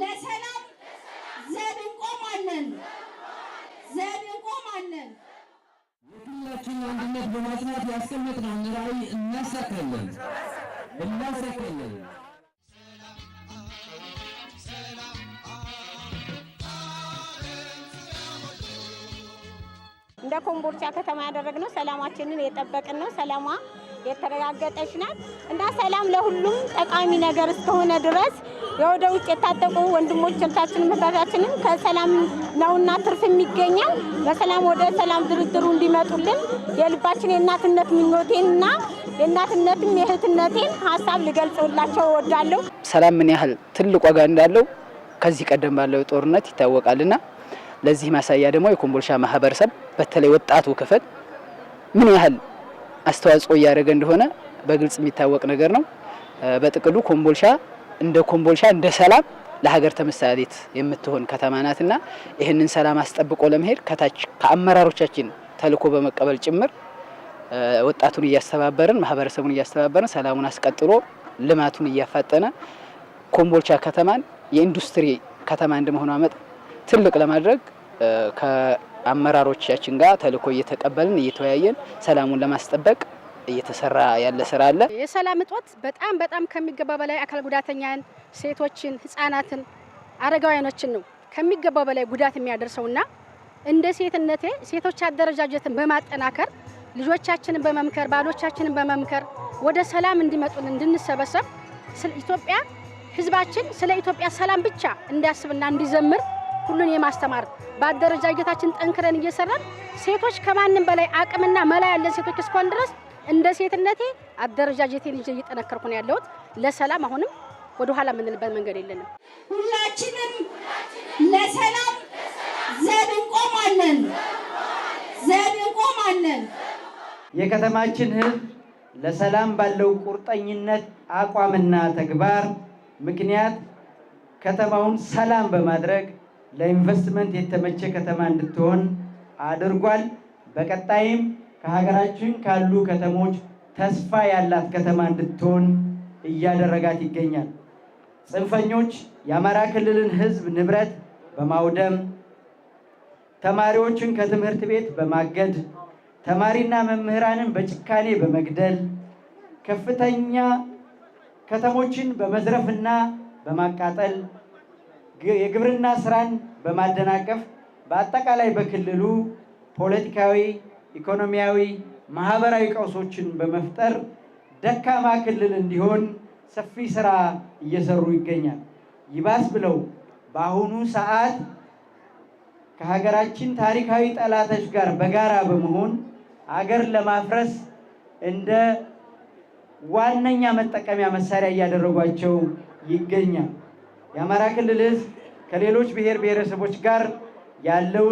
ለሰላም ዘብ እንቆማለን፣ ዘብ እንቆማለን። የሁላችን አንድነት በማጽናት ያስቀመጥነውን ራዕይ እናሳካለን፣ እናሳካለን። እንደ ኮምቦልቻ ከተማ ያደረግነው ሰላማችንን የጠበቅን ነው። ሰላሟ የተረጋገጠች ናት እና ሰላም ለሁሉም ጠቃሚ ነገር እስከሆነ ድረስ የወደ ውጭ የታጠቁ ወንድሞቻችን እህቶቻችንም ከሰላም ነውና ትርፍ የሚገኘው በሰላም ወደ ሰላም ድርድሩ እንዲመጡልን የልባችን የእናትነት ምኞቴንና የእናትነትም የእህትነቴን ሀሳብ ልገልጽላቸው እወዳለሁ። ሰላም ምን ያህል ትልቅ ዋጋ እንዳለው ከዚህ ቀደም ባለው ጦርነት ይታወቃልና ለዚህ ማሳያ ደግሞ የኮምቦልቻ ማህበረሰብ በተለይ ወጣቱ ክፍል ምን ያህል አስተዋጽኦ እያደረገ እንደሆነ በግልጽ የሚታወቅ ነገር ነው። በጥቅሉ ኮምቦልሻ እንደ ኮምቦልሻ እንደ ሰላም ለሀገር ተምሳሌት የምትሆን ከተማ ናትና ይህንን ሰላም አስጠብቆ ለመሄድ ከታች ከአመራሮቻችን ተልዕኮ በመቀበል ጭምር ወጣቱን እያስተባበርን ማህበረሰቡን እያስተባበርን ሰላሙን አስቀጥሎ ልማቱን እያፋጠነ ኮምቦልቻ ከተማን የኢንዱስትሪ ከተማ እንደመሆኗ መጠን ትልቅ ለማድረግ አመራሮቻችን ጋር ተልእኮ እየተቀበልን እየተወያየን ሰላሙን ለማስጠበቅ እየተሰራ ያለ ስራ አለ። የሰላም እጦት በጣም በጣም ከሚገባ በላይ አካል ጉዳተኛን፣ ሴቶችን፣ ህጻናትን፣ አረጋውያኖችን ነው ከሚገባ በላይ ጉዳት የሚያደርሰውና እንደ ሴትነቴ ሴቶች አደረጃጀትን በማጠናከር ልጆቻችንን በመምከር ባሎቻችንን በመምከር ወደ ሰላም እንዲመጡን እንድንሰበሰብ ኢትዮጵያ ህዝባችን ስለ ኢትዮጵያ ሰላም ብቻ እንዲያስብና እንዲዘምር ሁሉን የማስተማር በአደረጃጀታችን ጠንክረን እየሰራን ሴቶች ከማንም በላይ አቅምና መላ ያለን ሴቶች እስኳን ድረስ እንደ ሴትነቴ አደረጃጀቴን ይዤ እየጠነከርኩ ነው ያለሁት። ለሰላም አሁንም ወደኋላ የምንልበት መንገድ የለንም። ሁላችንም ለሰላም ዘብ እንቆማለን፣ ዘብ እንቆማለን። የከተማችን ህዝብ ለሰላም ባለው ቁርጠኝነት አቋምና ተግባር ምክንያት ከተማውን ሰላም በማድረግ ለኢንቨስትመንት የተመቸ ከተማ እንድትሆን አድርጓል። በቀጣይም ከሀገራችን ካሉ ከተሞች ተስፋ ያላት ከተማ እንድትሆን እያደረጋት ይገኛል። ጽንፈኞች የአማራ ክልልን ሕዝብ ንብረት በማውደም ተማሪዎችን ከትምህርት ቤት በማገድ ተማሪና መምህራንን በጭካኔ በመግደል ከፍተኛ ከተሞችን በመዝረፍና በማቃጠል የግብርና ስራን በማደናቀፍ በአጠቃላይ በክልሉ ፖለቲካዊ፣ ኢኮኖሚያዊ፣ ማህበራዊ ቀውሶችን በመፍጠር ደካማ ክልል እንዲሆን ሰፊ ስራ እየሰሩ ይገኛል። ይባስ ብለው በአሁኑ ሰዓት ከሀገራችን ታሪካዊ ጠላቶች ጋር በጋራ በመሆን አገር ለማፍረስ እንደ ዋነኛ መጠቀሚያ መሳሪያ እያደረጓቸው ይገኛል። የአማራ ክልል ህዝብ ከሌሎች ብሔር ብሔረሰቦች ጋር ያለው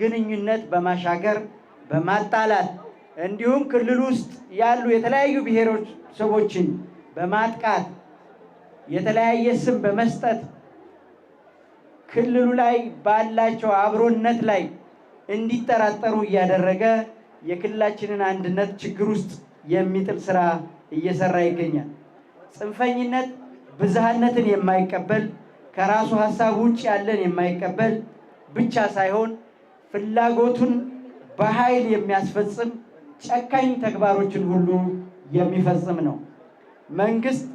ግንኙነት በማሻገር በማጣላት እንዲሁም ክልል ውስጥ ያሉ የተለያዩ ብሔረሰቦችን በማጥቃት የተለያየ ስም በመስጠት ክልሉ ላይ ባላቸው አብሮነት ላይ እንዲጠራጠሩ እያደረገ የክልላችንን አንድነት ችግር ውስጥ የሚጥል ስራ እየሰራ ይገኛል። ጽንፈኝነት ብዝሃነትን የማይቀበል ከራሱ ሀሳብ ውጭ ያለን የማይቀበል ብቻ ሳይሆን ፍላጎቱን በኃይል የሚያስፈጽም ጨካኝ ተግባሮችን ሁሉ የሚፈጽም ነው። መንግስት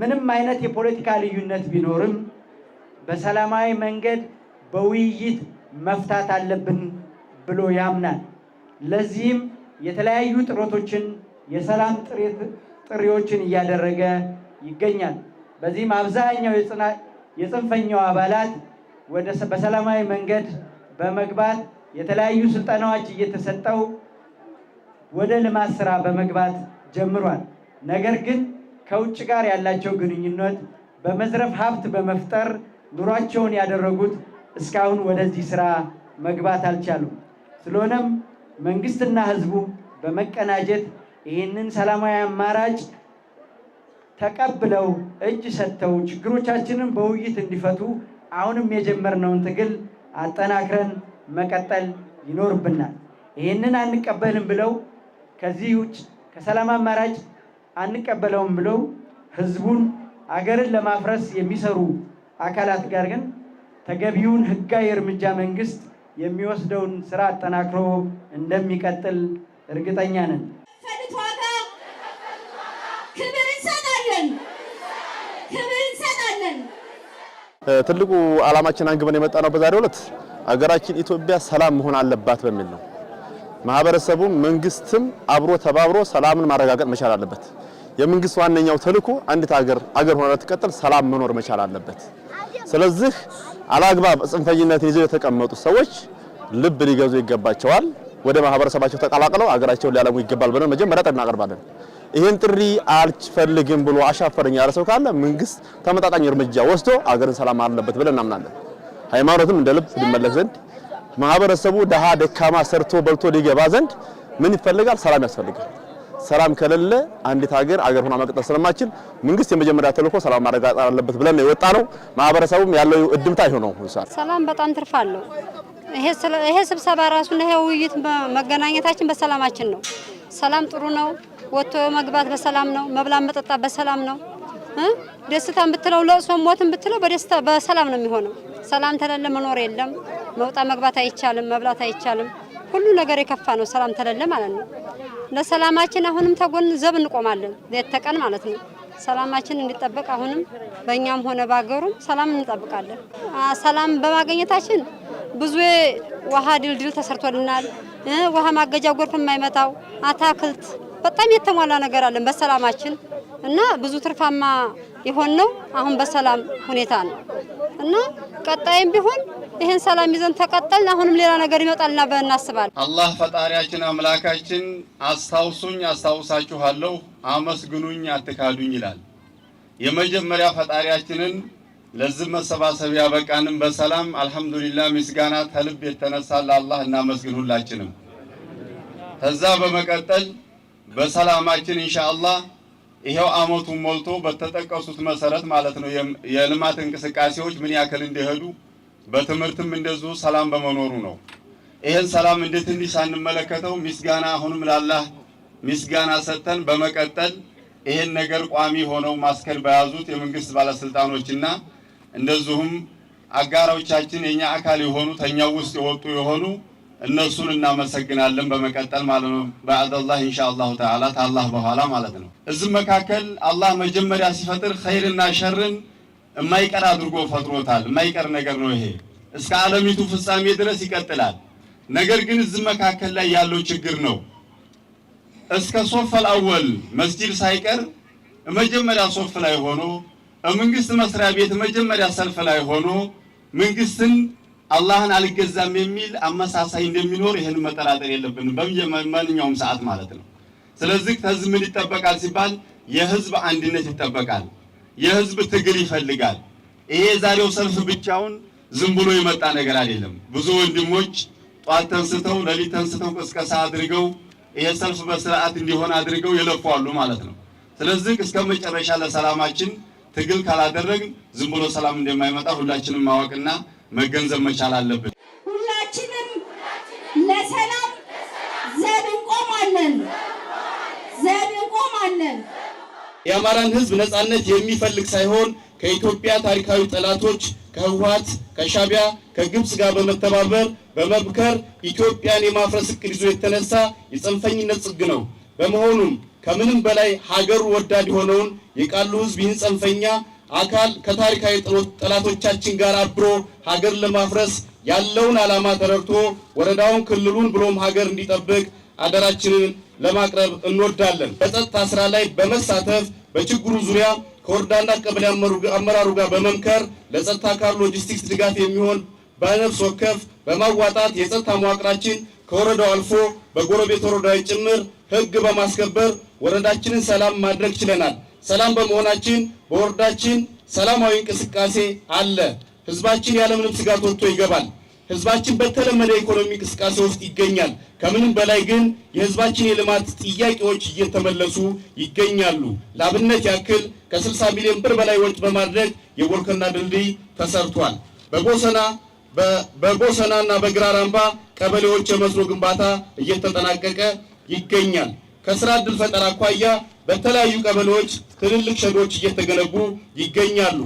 ምንም አይነት የፖለቲካ ልዩነት ቢኖርም በሰላማዊ መንገድ በውይይት መፍታት አለብን ብሎ ያምናል። ለዚህም የተለያዩ ጥረቶችን የሰላም ጥሪዎችን እያደረገ ይገኛል። በዚህም አብዛኛው የጽንፈኛው አባላት ወደ በሰላማዊ መንገድ በመግባት የተለያዩ ስልጠናዎች እየተሰጠው ወደ ልማት ስራ በመግባት ጀምሯል። ነገር ግን ከውጭ ጋር ያላቸው ግንኙነት በመዝረፍ ሀብት በመፍጠር ኑሯቸውን ያደረጉት እስካሁን ወደዚህ ስራ መግባት አልቻሉም። ስለሆነም መንግስትና ህዝቡ በመቀናጀት ይህንን ሰላማዊ አማራጭ ተቀብለው እጅ ሰጥተው ችግሮቻችንን በውይይት እንዲፈቱ አሁንም የጀመርነውን ትግል አጠናክረን መቀጠል ይኖርብናል። ይህንን አንቀበልም ብለው ከዚህ ውጭ ከሰላም አማራጭ አንቀበለውም ብለው ህዝቡን፣ አገርን ለማፍረስ የሚሰሩ አካላት ጋር ግን ተገቢውን ህጋዊ እርምጃ መንግስት የሚወስደውን ስራ አጠናክሮ እንደሚቀጥል እርግጠኛ ነን። ትልቁ ዓላማችን አንግበን የመጣ ነው። በዛሬው ዕለት አገራችን ኢትዮጵያ ሰላም መሆን አለባት በሚል ነው። ማህበረሰቡም መንግስትም አብሮ ተባብሮ ሰላምን ማረጋገጥ መቻል አለበት። የመንግስት ዋነኛው ተልዕኮ አንዲት አገር አገር ሆና ትቀጥል ሰላም መኖር መቻል አለበት። ስለዚህ አላግባብ ጽንፈኝነትን ይዘው የተቀመጡ ሰዎች ልብ ሊገዙ ይገባቸዋል። ወደ ማህበረሰባቸው ተቀላቅለው አገራቸውን ሊያለሙ ይገባል ብለን መጀመሪያ ጥሪ እናቀርባለን። ይህን ጥሪ አልፈልግም ብሎ አሻፈረኝ ያለ ሰው ካለ መንግስት ተመጣጣኝ እርምጃ ወስዶ አገርን ሰላም አለበት ብለን እናምናለን። ሃይማኖትም እንደ ልብ ሊመለክ ዘንድ ማህበረሰቡ ደሃ ደካማ ሰርቶ በልቶ ሊገባ ዘንድ ምን ይፈልጋል? ሰላም ያስፈልጋል። ሰላም ከሌለ አንዲት ሀገር አገር ሆና መቀጠል ስለማችል መንግስት የመጀመሪያ ተልእኮ ሰላም ማረጋገጥ አለበት ብለን ነው የወጣ ነው። ማህበረሰቡም ያለው እድምታ ይሆ ነው። ሰላም በጣም ትርፍ አለው። ይሄ ስብሰባ ራሱና ይሄ ውይይት መገናኘታችን በሰላማችን ነው። ሰላም ጥሩ ነው። ወጥቶ መግባት በሰላም ነው። መብላት መጠጣት በሰላም ነው። ደስታን ብትለው ለሶ ሞትን ብትለው በደስታ በሰላም ነው የሚሆነው። ሰላም ተለለ መኖር የለም። መውጣት መግባት አይቻልም። መብላት አይቻልም። ሁሉ ነገር የከፋ ነው። ሰላም ተለለ ማለት ነው። ለሰላማችን አሁንም ተጎን ዘብ እንቆማለን፣ ሌት ተቀን ማለት ነው። ሰላማችን እንዲጠበቅ አሁንም በእኛም ሆነ ባገሩም ሰላም እንጠብቃለን። ሰላም በማግኘታችን ብዙ ውሃ ድልድል ተሰርቶልናል። ውሃ ማገጃ ጎርፍ የማይመታው አታክልት በጣም የተሟላ ነገር አለን በሰላማችን እና ብዙ ትርፋማ የሆን ነው አሁን በሰላም ሁኔታ ነው እና ቀጣይም ቢሆን ይህን ሰላም ይዘን ተቀጠልን አሁንም ሌላ ነገር ይመጣልና በእናስባል አላህ ፈጣሪያችን አምላካችን አስታውሱኝ አስታውሳችኋለሁ፣ አመስግኑኝ አትካዱኝ ይላል። የመጀመሪያ ፈጣሪያችንን ለዚህ መሰባሰብ ያበቃንም በሰላም አልሐምዱሊላህ፣ ምስጋና ተልብ የተነሳ ለአላህ እናመስግን ሁላችንም። ከዛ በመቀጠል በሰላማችን ኢንሻአላህ ይሄው አመቱን ሞልቶ በተጠቀሱት መሰረት ማለት ነው የልማት እንቅስቃሴዎች ምን ያክል እንደሄዱ በትምህርትም እንደዚሁ ሰላም በመኖሩ ነው። ይሄን ሰላም እንዴት ትንሽ ሳንመለከተው ምስጋና አሁንም ላላህ ምስጋና ሰጥተን በመቀጠል ይሄን ነገር ቋሚ ሆነው ማስከል በያዙት የመንግስት ባለስልጣኖችና እንደዚሁም አጋሮቻችን የኛ አካል የሆኑ ተኛው ውስጥ የወጡ የሆኑ እነሱን እናመሰግናለን። በመቀጠል ማለት ነው በአደላ ኢንሻአላሁ ተዓላ ታላህ በኋላ ማለት ነው። እዚህ መካከል አላህ መጀመሪያ ሲፈጥር ኸይርና ሸርን የማይቀር አድርጎ ፈጥሮታል። የማይቀር ነገር ነው ይሄ እስከ ዓለሚቱ ፍጻሜ ድረስ ይቀጥላል። ነገር ግን እዚህ መካከል ላይ ያለው ችግር ነው። እስከ ሶፈል አወል መስጂድ ሳይቀር መጀመሪያ ሶፍ ላይ ሆኖ መንግስት መስሪያ ቤት መጀመሪያ ሰልፍ ላይ ሆኖ መንግስትን አላህን አልገዛም የሚል አመሳሳይ እንደሚኖር ይህን መጠራጠር የለብንም በማንኛውም ሰዓት ማለት ነው። ስለዚህ ከህዝብ ምን ይጠበቃል ሲባል የህዝብ አንድነት ይጠበቃል። የህዝብ ትግል ይፈልጋል። ይሄ ዛሬው ሰልፍ ብቻውን ዝም ብሎ የመጣ ነገር አይደለም። ብዙ ወንድሞች ጧት ተንስተው ሌሊት ተንስተው ቅስቀሳ አድርገው ይሄ ሰልፍ በስርዓት እንዲሆን አድርገው የለፏሉ ማለት ነው። ስለዚህ እስከ መጨረሻ ለሰላማችን ትግል ካላደረግን ዝም ብሎ ሰላም እንደማይመጣ ሁላችንም ማወቅና መገንዘብ መቻል አለብን። ሁላችንም ለሰላም ዘብ እንቆማለን፣ ዘብ እንቆማለን። የአማራን ህዝብ ነጻነት የሚፈልግ ሳይሆን ከኢትዮጵያ ታሪካዊ ጠላቶች ከህወሓት፣ ከሻቢያ፣ ከግብፅ ጋር በመተባበር በመብከር ኢትዮጵያን የማፍረስ እቅድ ይዞ የተነሳ የጽንፈኝነት ጽግ ነው። በመሆኑም ከምንም በላይ ሀገሩ ወዳድ የሆነውን የቃሉ ህዝብ ይህን ጽንፈኛ አካል ከታሪካዊ ጠላቶቻችን ጋር አብሮ ሀገር ለማፍረስ ያለውን ዓላማ ተረድቶ ወረዳውን፣ ክልሉን ብሎም ሀገር እንዲጠብቅ አደራችንን ለማቅረብ እንወዳለን። በጸጥታ ስራ ላይ በመሳተፍ በችግሩ ዙሪያ ከወረዳና ቀበሌ አመራሩ ጋር በመምከር ለጸጥታ አካል ሎጂስቲክስ ድጋፍ የሚሆን በነፍስ ወከፍ በማዋጣት የጸጥታ መዋቅራችን ከወረዳው አልፎ በጎረቤት ወረዳዊ ጭምር ህግ በማስከበር ወረዳችንን ሰላም ማድረግ ችለናል። ሰላም በመሆናችን በወረዳችን ሰላማዊ እንቅስቃሴ አለ። ህዝባችን ያለምንም ስጋት ወጥቶ ይገባል። ህዝባችን በተለመደ ኢኮኖሚ እንቅስቃሴ ውስጥ ይገኛል። ከምንም በላይ ግን የህዝባችን የልማት ጥያቄዎች እየተመለሱ ይገኛሉ። ላብነት ያክል ከ60 ሚሊዮን ብር በላይ ወጪ በማድረግ የቦርከና ድልድይ ተሰርቷል። በቦሰና በቦሰናና እና በግራራምባ ቀበሌዎች የመስኖ ግንባታ እየተጠናቀቀ ይገኛል። ከስራ እድል ፈጠራ አኳያ በተለያዩ ቀበሌዎች ትልልቅ ሸዶች እየተገነቡ ይገኛሉ።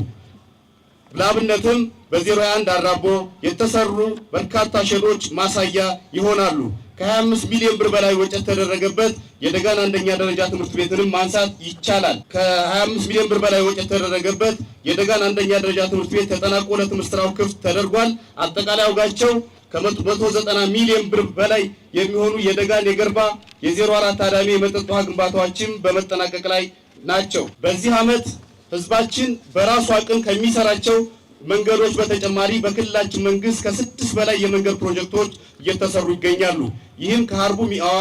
ለአብነትም በ01 አራቦ የተሰሩ በርካታ ሸዶች ማሳያ ይሆናሉ። ከ25 ሚሊዮን ብር በላይ ወጪ የተደረገበት የደጋን አንደኛ ደረጃ ትምህርት ቤትንም ማንሳት ይቻላል። ከ25 ሚሊዮን ብር በላይ ወጪ የተደረገበት የደጋን አንደኛ ደረጃ ትምህርት ቤት ተጠናቆ ለትምህርት ስራው ክፍት ተደርጓል። አጠቃላይ አውጋቸው ከ190 ሚሊዮን ብር በላይ የሚሆኑ የደጋን የገርባ የ04 አዳሚ የመጠጥ ውሃ ግንባታዎችን በመጠናቀቅ ላይ ናቸው። በዚህ ዓመት ህዝባችን በራሱ አቅም ከሚሰራቸው መንገዶች በተጨማሪ በክልላችን መንግስት ከስድስት በላይ የመንገድ ፕሮጀክቶች እየተሰሩ ይገኛሉ። ይህም ከሀርቡ ሚአዋ፣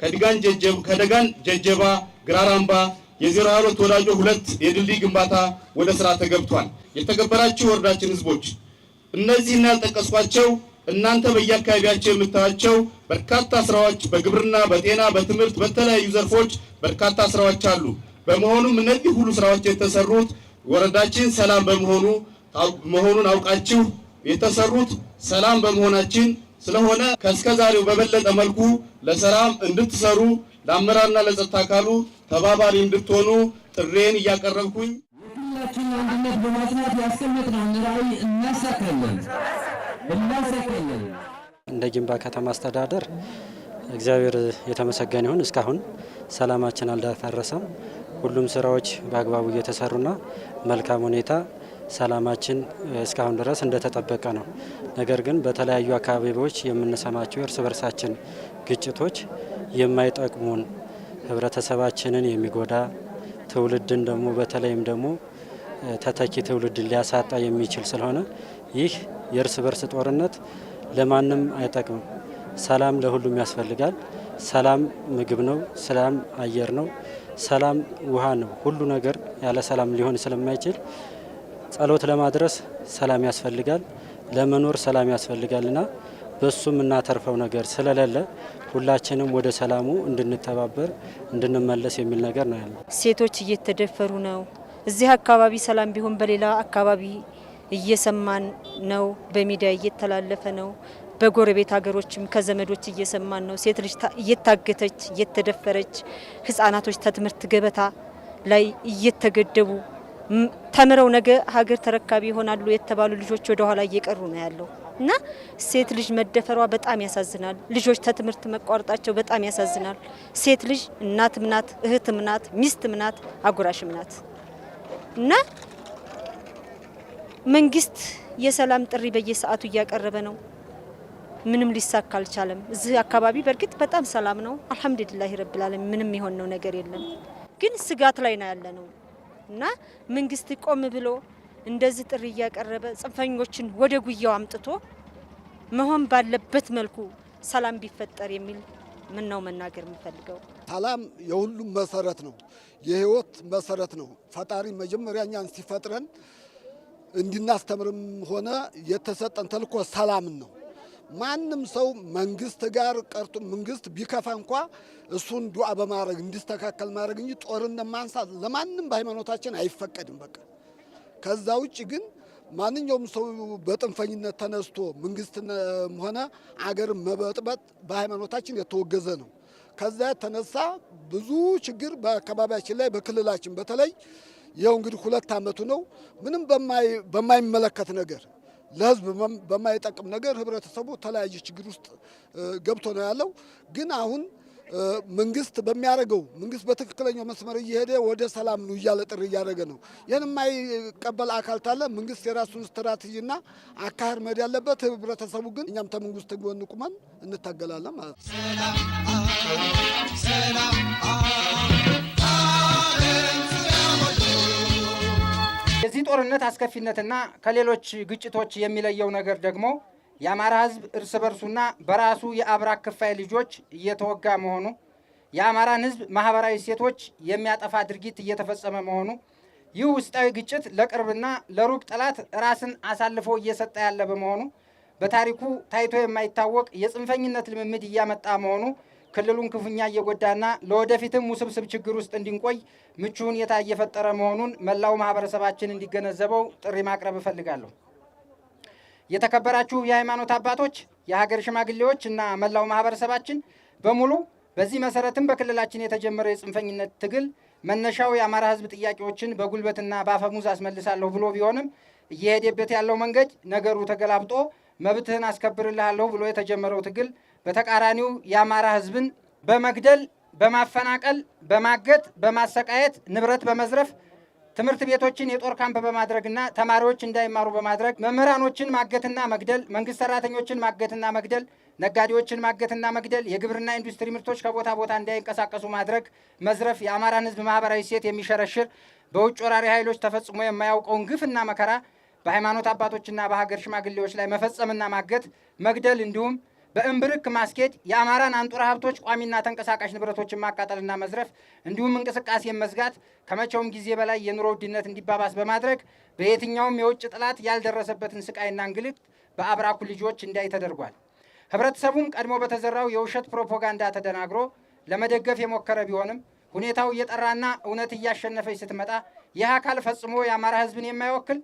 ከድጋን ጀጀብ፣ ከደጋን ጀጀባ፣ ግራራምባ የዜሮ ሃያ ሁለት ወዳጆ ሁለት የድልድይ ግንባታ ወደ ስራ ተገብቷል። የተገበራችሁ ወረዳችን ህዝቦች እነዚህና ያልጠቀስኳቸው እናንተ በየአካባቢያቸው የምታያቸው በርካታ ስራዎች በግብርና፣ በጤና፣ በትምህርት በተለያዩ ዘርፎች በርካታ ስራዎች አሉ። በመሆኑም እነዚህ ሁሉ ስራዎች የተሰሩት ወረዳችን ሰላም በመሆኑ መሆኑን አውቃችሁ የተሰሩት ሰላም በመሆናችን ስለሆነ ዛሬው በበለጠ መልኩ ለሰላም እንድትሰሩ ለአመራርና ለጸጥታ አካሉ ተባባሪ እንድትሆኑ ጥሬን እያቀረብኩኝ አንድነት በማጽናት ያስቀመጥነውን ራዕይ እናሳካለን እናሳካለን። እንደ ጅንባ ከተማ አስተዳደር እግዚአብሔር የተመሰገነ ይሁን። እስካሁን ሰላማችን አልደፈረሰም። ሁሉም ስራዎች በአግባቡ እየተሰሩና መልካም ሁኔታ ሰላማችን እስካሁን ድረስ እንደተጠበቀ ነው። ነገር ግን በተለያዩ አካባቢዎች የምንሰማቸው እርስ በርሳችን ግጭቶች የማይጠቅሙን ህብረተሰባችንን የሚጎዳ ትውልድን ደግሞ በተለይም ደግሞ ተተኪ ትውልድ ሊያሳጣ የሚችል ስለሆነ ይህ የእርስ በርስ ጦርነት ለማንም አይጠቅምም። ሰላም ለሁሉም ያስፈልጋል። ሰላም ምግብ ነው። ሰላም አየር ነው። ሰላም ውሃ ነው። ሁሉ ነገር ያለ ሰላም ሊሆን ስለማይችል ጸሎት ለማድረስ ሰላም ያስፈልጋል። ለመኖር ሰላም ያስፈልጋልና በሱም እናተርፈው ነገር ስለሌለ ሁላችንም ወደ ሰላሙ እንድንተባበር እንድንመለስ የሚል ነገር ነው ያለው። ሴቶች እየተደፈሩ ነው። እዚህ አካባቢ ሰላም ቢሆን በሌላ አካባቢ እየሰማን ነው፣ በሚዲያ እየተላለፈ ነው። በጎረቤት ሀገሮችም ከዘመዶች እየሰማን ነው። ሴት ልጅ እየታገተች እየተደፈረች፣ ህጻናቶች ከትምህርት ገበታ ላይ እየተገደቡ ተምረው ነገ ሀገር ተረካቢ ይሆናሉ የተባሉ ልጆች ወደኋላ እየቀሩ ነው ያለው እና ሴት ልጅ መደፈሯ በጣም ያሳዝናል። ልጆች ከትምህርት መቋረጣቸው በጣም ያሳዝናል። ሴት ልጅ እናትም ናት፣ እህትም ናት፣ ሚስት ምናት፣ አጉራሽም ምናት እና መንግስት የሰላም ጥሪ በየሰዓቱ እያቀረበ ነው። ምንም ሊሳካ አልቻለም። እዚህ አካባቢ በእርግጥ በጣም ሰላም ነው። አልሐምዱሊላህ ረብል ዓለሚን ምንም የሆነው ነገር የለም። ግን ስጋት ላይ ነው ያለ ነው እና መንግስት ቆም ብሎ እንደዚህ ጥሪ እያቀረበ ጽንፈኞችን ወደ ጉያው አምጥቶ መሆን ባለበት መልኩ ሰላም ቢፈጠር የሚል ምን ነው መናገር የምፈልገው። ሰላም የሁሉም መሰረት ነው፣ የህይወት መሰረት ነው። ፈጣሪ መጀመሪያ እኛን ሲፈጥረን እንድናስተምርም ሆነ የተሰጠን ተልእኮ ሰላምን ነው። ማንም ሰው መንግስት ጋር ቀርቶ መንግስት ቢከፋ እንኳ እሱን ዱአ በማድረግ እንዲስተካከል ማድረግ እንጂ ጦርነት ማንሳት ለማንም በሃይማኖታችን አይፈቀድም። በቃ ከዛ ውጭ ግን ማንኛውም ሰው በጥንፈኝነት ተነስቶ መንግስትም ሆነ አገር መበጥበጥ በሃይማኖታችን የተወገዘ ነው። ከዛ የተነሳ ብዙ ችግር በአካባቢያችን ላይ በክልላችን በተለይ ይኸው እንግዲህ ሁለት ዓመቱ ነው ምንም በማይመለከት ነገር ለህዝብ በማይጠቅም ነገር ህብረተሰቡ ተለያየ ችግር ውስጥ ገብቶ ነው ያለው። ግን አሁን መንግስት በሚያደርገው መንግስት በትክክለኛው መስመር እየሄደ ወደ ሰላም ነው እያለ ጥሪ እያደረገ ነው። ይህን የማይቀበል አካል ታለ መንግስት የራሱን ስትራቴጂና አካሄድ መሄድ ያለበት፣ ህብረተሰቡ ግን እኛም ተመንግስት ጎን ቁመን እንታገላለን ማለት ነው። የዚህ ጦርነት አስከፊነትና ከሌሎች ግጭቶች የሚለየው ነገር ደግሞ የአማራ ህዝብ እርስ በርሱና በራሱ የአብራክ ክፋይ ልጆች እየተወጋ መሆኑ፣ የአማራን ህዝብ ማህበራዊ ሴቶች የሚያጠፋ ድርጊት እየተፈጸመ መሆኑ፣ ይህ ውስጣዊ ግጭት ለቅርብና ለሩቅ ጠላት ራስን አሳልፎ እየሰጠ ያለ በመሆኑ በታሪኩ ታይቶ የማይታወቅ የጽንፈኝነት ልምምድ እያመጣ መሆኑ ክልሉን ክፉኛ እየጎዳና ለወደፊትም ውስብስብ ችግር ውስጥ እንዲንቆይ ምቹ ሁኔታ እየፈጠረ መሆኑን መላው ማህበረሰባችን እንዲገነዘበው ጥሪ ማቅረብ እፈልጋለሁ። የተከበራችሁ የሃይማኖት አባቶች፣ የሀገር ሽማግሌዎች እና መላው ማህበረሰባችን በሙሉ በዚህ መሰረትም በክልላችን የተጀመረው የጽንፈኝነት ትግል መነሻው የአማራ ህዝብ ጥያቄዎችን በጉልበትና በአፈሙዝ አስመልሳለሁ ብሎ ቢሆንም እየሄደበት ያለው መንገድ ነገሩ ተገላብጦ መብትህን አስከብርልሃለሁ ብሎ የተጀመረው ትግል በተቃራኒው የአማራ ህዝብን በመግደል፣ በማፈናቀል፣ በማገት፣ በማሰቃየት፣ ንብረት በመዝረፍ ትምህርት ቤቶችን የጦር ካምፕ በማድረግና ተማሪዎች እንዳይማሩ በማድረግ መምህራኖችን ማገትና መግደል፣ መንግስት ሰራተኞችን ማገትና መግደል፣ ነጋዴዎችን ማገትና መግደል፣ የግብርና ኢንዱስትሪ ምርቶች ከቦታ ቦታ እንዳይንቀሳቀሱ ማድረግ፣ መዝረፍ የአማራን ህዝብ ማህበራዊ ሴት የሚሸረሽር በውጭ ወራሪ ኃይሎች ተፈጽሞ የማያውቀውን ግፍና መከራ በሃይማኖት አባቶችና በሀገር ሽማግሌዎች ላይ መፈጸምና ማገት፣ መግደል እንዲሁም በእምብርክ ማስኬድ የአማራን አንጡረ ሀብቶች ቋሚና ተንቀሳቃሽ ንብረቶችን ማቃጠልና መዝረፍ እንዲሁም እንቅስቃሴ መዝጋት ከመቼውም ጊዜ በላይ የኑሮ ውድነት እንዲባባስ በማድረግ በየትኛውም የውጭ ጥላት ያልደረሰበትን ስቃይና እንግልት በአብራኩ ልጆች እንዳይ ተደርጓል። ህብረተሰቡም ቀድሞ በተዘራው የውሸት ፕሮፓጋንዳ ተደናግሮ ለመደገፍ የሞከረ ቢሆንም ሁኔታው እየጠራና እውነት እያሸነፈች ስትመጣ ይህ አካል ፈጽሞ የአማራ ህዝብን የማይወክል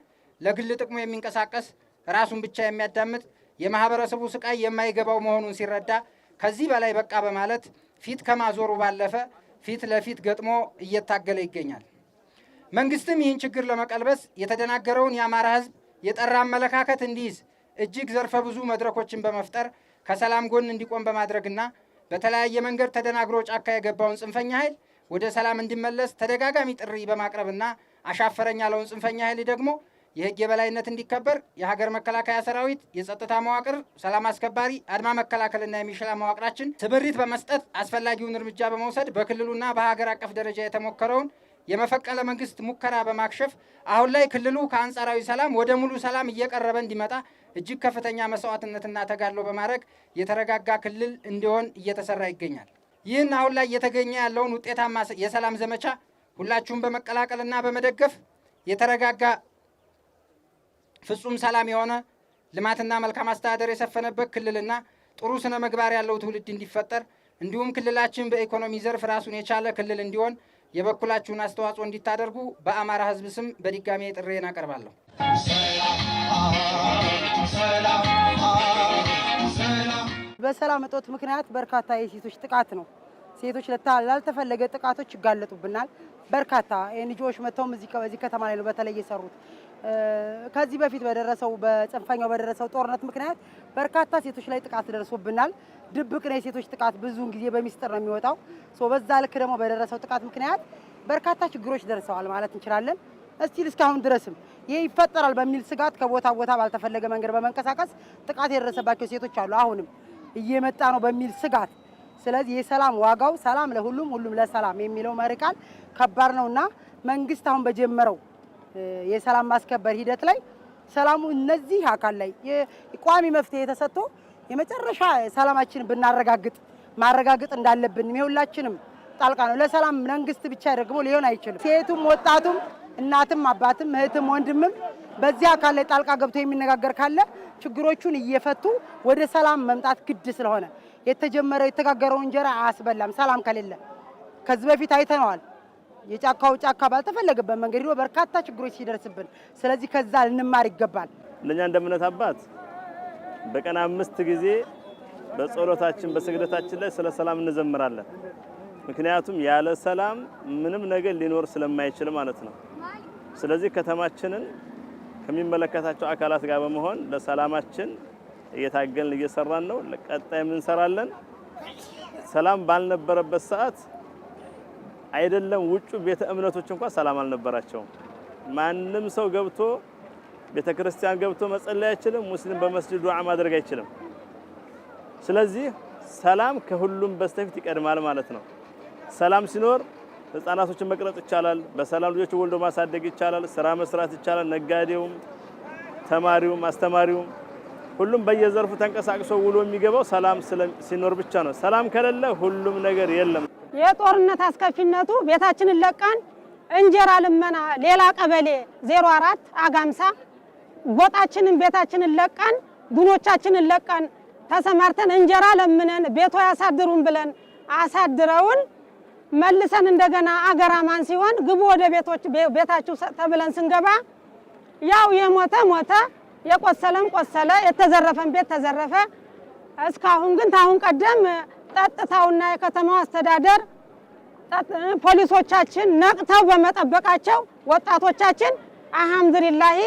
ለግል ጥቅሙ የሚንቀሳቀስ ራሱን ብቻ የሚያዳምጥ የማህበረሰቡ ስቃይ የማይገባው መሆኑን ሲረዳ ከዚህ በላይ በቃ በማለት ፊት ከማዞሩ ባለፈ ፊት ለፊት ገጥሞ እየታገለ ይገኛል። መንግስትም ይህን ችግር ለመቀልበስ የተደናገረውን የአማራ ህዝብ የጠራ አመለካከት እንዲይዝ እጅግ ዘርፈ ብዙ መድረኮችን በመፍጠር ከሰላም ጎን እንዲቆም በማድረግና በተለያየ መንገድ ተደናግሮ ጫካ የገባውን ጽንፈኛ ኃይል ወደ ሰላም እንዲመለስ ተደጋጋሚ ጥሪ በማቅረብና አሻፈረኝ ያለውን ጽንፈኛ ኃይል ደግሞ የህግ የበላይነት እንዲከበር የሀገር መከላከያ ሰራዊት፣ የጸጥታ መዋቅር፣ ሰላም አስከባሪ፣ አድማ መከላከልና የሚሽላ መዋቅራችን ትብሪት በመስጠት አስፈላጊውን እርምጃ በመውሰድ በክልሉና በሀገር አቀፍ ደረጃ የተሞከረውን የመፈቀለ መንግስት ሙከራ በማክሸፍ አሁን ላይ ክልሉ ከአንጻራዊ ሰላም ወደ ሙሉ ሰላም እየቀረበ እንዲመጣ እጅግ ከፍተኛ መስዋዕትነትና ተጋድሎ በማድረግ የተረጋጋ ክልል እንዲሆን እየተሰራ ይገኛል። ይህን አሁን ላይ እየተገኘ ያለውን ውጤታማ የሰላም ዘመቻ ሁላችሁም በመቀላቀልና በመደገፍ የተረጋጋ ፍጹም ሰላም የሆነ ልማትና መልካም አስተዳደር የሰፈነበት ክልልና ጥሩ ስነ ምግባር ያለው ትውልድ እንዲፈጠር እንዲሁም ክልላችን በኢኮኖሚ ዘርፍ ራሱን የቻለ ክልል እንዲሆን የበኩላችሁን አስተዋጽኦ እንዲታደርጉ በአማራ ሕዝብ ስም በድጋሜ ጥሬን አቀርባለሁ። በሰላም እጦት ምክንያት በርካታ የሴቶች ጥቃት ነው። ሴቶች ላልተፈለገ ጥቃቶች ይጋለጡብናል። በርካታ የንጆዎች መጥተውም እዚህ ከተማ ላይ ነው በተለይ የሰሩት ከዚህ በፊት በደረሰው በጽንፈኛው በደረሰው ጦርነት ምክንያት በርካታ ሴቶች ላይ ጥቃት ደርሶብናል። ድብቅ ነው የሴቶች ጥቃት፣ ብዙውን ጊዜ በሚስጥር ነው የሚወጣው። በዛ ልክ ደግሞ በደረሰው ጥቃት ምክንያት በርካታ ችግሮች ደርሰዋል ማለት እንችላለን። እስቲል እስካሁን ድረስም ይህ ይፈጠራል በሚል ስጋት ከቦታ ቦታ ባልተፈለገ መንገድ በመንቀሳቀስ ጥቃት የደረሰባቸው ሴቶች አሉ። አሁንም እየመጣ ነው በሚል ስጋት። ስለዚህ የሰላም ዋጋው ሰላም ለሁሉም ሁሉም ለሰላም የሚለው መሪ ቃል ከባድ ነውና መንግስት አሁን በጀመረው የሰላም ማስከበር ሂደት ላይ ሰላሙ እነዚህ አካል ላይ ቋሚ መፍትሄ ተሰጥቶ የመጨረሻ ሰላማችን ብናረጋግጥ ማረጋገጥ እንዳለብን የሁላችንም ጣልቃ ነው። ለሰላም መንግስት ብቻ ደግሞ ሊሆን አይችልም። ሴቱም፣ ወጣቱም፣ እናትም፣ አባትም፣ እህትም ወንድምም በዚህ አካል ላይ ጣልቃ ገብቶ የሚነጋገር ካለ ችግሮቹን እየፈቱ ወደ ሰላም መምጣት ግድ ስለሆነ የተጀመረው የተጋገረው እንጀራ አያስበላም ሰላም ከሌለ ከዚህ በፊት አይተነዋል። የጫካው ጫካ ባልተፈለገበት መንገድ ሄዶ በርካታ ችግሮች ሲደርስብን፣ ስለዚህ ከዛ ልንማር ይገባል። እንደኛ እንደ እምነት አባት በቀን አምስት ጊዜ በጸሎታችን በስግደታችን ላይ ስለ ሰላም እንዘምራለን። ምክንያቱም ያለ ሰላም ምንም ነገር ሊኖር ስለማይችል ማለት ነው። ስለዚህ ከተማችንን ከሚመለከታቸው አካላት ጋር በመሆን ለሰላማችን እየታገልን እየሰራን ነው። ለቀጣይም እንሰራለን። ሰላም ባልነበረበት ሰዓት አይደለም ውጩ ቤተ እምነቶች እንኳን ሰላም አልነበራቸውም። ማንም ሰው ገብቶ ቤተ ክርስቲያን ገብቶ መጸለይ አይችልም። ሙስሊም በመስጂድ ዱዓ ማድረግ አይችልም። ስለዚህ ሰላም ከሁሉም በስተፊት ይቀድማል ማለት ነው። ሰላም ሲኖር ህፃናቶችን መቅረጽ ይቻላል። በሰላም ልጆች ወልዶ ማሳደግ ይቻላል። ስራ መስራት ይቻላል። ነጋዴውም፣ ተማሪውም፣ አስተማሪውም ሁሉም በየዘርፉ ተንቀሳቅሶ ውሎ የሚገባው ሰላም ሲኖር ብቻ ነው። ሰላም ከሌለ ሁሉም ነገር የለም። የጦርነት አስከፊነቱ ቤታችንን ለቀን እንጀራ ልመና ሌላ ቀበሌ 04 አጋምሳ ጎጣችንን ቤታችንን ለቀን ዱኖቻችንን ለቀን ተሰማርተን እንጀራ ለምነን ቤቶ ያሳድሩን ብለን አሳድረውን መልሰን እንደገና አገራማን ሲሆን ግቡ ወደ ቤቶች ቤታችሁ ተብለን ስንገባ ያው የሞተ ሞተ፣ የቆሰለም ቆሰለ፣ የተዘረፈን ቤት ተዘረፈ። እስካሁን ግን ታሁን ቀደም ጸጥታውና የከተማው አስተዳደር ፖሊሶቻችን ነቅተው በመጠበቃቸው ወጣቶቻችን አልሐምዱሊላሂ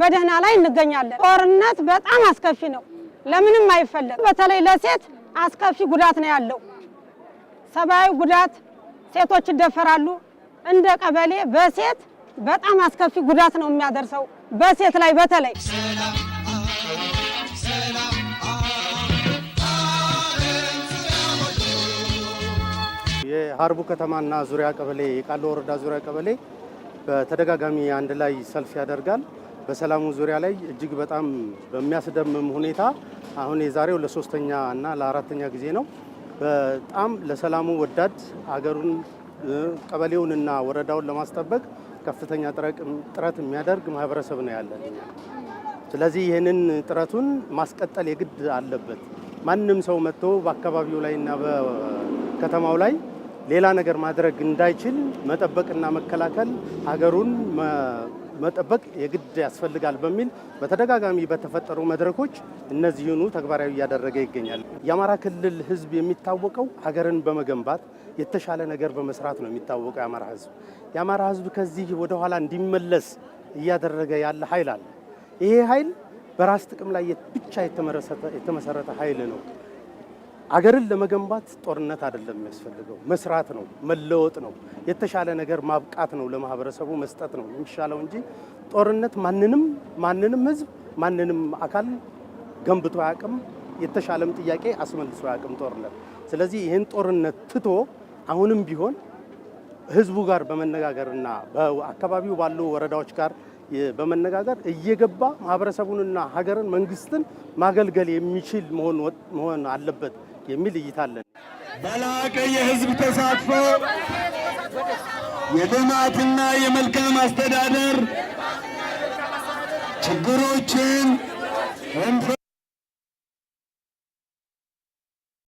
በደህና ላይ እንገኛለን። ጦርነት በጣም አስከፊ ነው፣ ለምንም አይፈለግ። በተለይ ለሴት አስከፊ ጉዳት ነው ያለው ሰብአዊ ጉዳት። ሴቶች ይደፈራሉ። እንደ ቀበሌ በሴት በጣም አስከፊ ጉዳት ነው የሚያደርሰው በሴት ላይ በተለይ የሀርቡ ከተማና ዙሪያ ቀበሌ የቃለ ወረዳ ዙሪያ ቀበሌ በተደጋጋሚ አንድ ላይ ሰልፍ ያደርጋል። በሰላሙ ዙሪያ ላይ እጅግ በጣም በሚያስደምም ሁኔታ አሁን የዛሬው ለሶስተኛ እና ለአራተኛ ጊዜ ነው። በጣም ለሰላሙ ወዳድ አገሩን ቀበሌውንና ወረዳውን ለማስጠበቅ ከፍተኛ ጥረት የሚያደርግ ማህበረሰብ ነው ያለን። ስለዚህ ይህንን ጥረቱን ማስቀጠል የግድ አለበት። ማንም ሰው መጥቶ በአካባቢው ላይ እና በከተማው ላይ ሌላ ነገር ማድረግ እንዳይችል መጠበቅና መከላከል ሀገሩን መጠበቅ የግድ ያስፈልጋል በሚል በተደጋጋሚ በተፈጠሩ መድረኮች እነዚህኑ ተግባራዊ እያደረገ ይገኛል። የአማራ ክልል ሕዝብ የሚታወቀው ሀገርን በመገንባት የተሻለ ነገር በመስራት ነው የሚታወቀው የአማራ ሕዝብ። የአማራ ሕዝብ ከዚህ ወደኋላ እንዲመለስ እያደረገ ያለ ኃይል አለ። ይሄ ኃይል በራስ ጥቅም ላይ ብቻ የተመሰረተ ኃይል ነው። አገርን ለመገንባት ጦርነት አይደለም የሚያስፈልገው፣ መስራት ነው፣ መለወጥ ነው፣ የተሻለ ነገር ማብቃት ነው፣ ለማህበረሰቡ መስጠት ነው የሚሻለው እንጂ ጦርነት ማንንም ማንንም ህዝብ ማንንም አካል ገንብቶ አያውቅም። የተሻለም ጥያቄ አስመልሶ አያውቅም ጦርነት። ስለዚህ ይህን ጦርነት ትቶ አሁንም ቢሆን ህዝቡ ጋር በመነጋገርና በአካባቢው ባሉ ወረዳዎች ጋር በመነጋገር እየገባ ማህበረሰቡንና ሀገርን መንግስትን ማገልገል የሚችል መሆን አለበት። የሚል እይታ አለን። በላቀ የህዝብ ተሳትፎ የልማትና የመልካም አስተዳደር ችግሮችን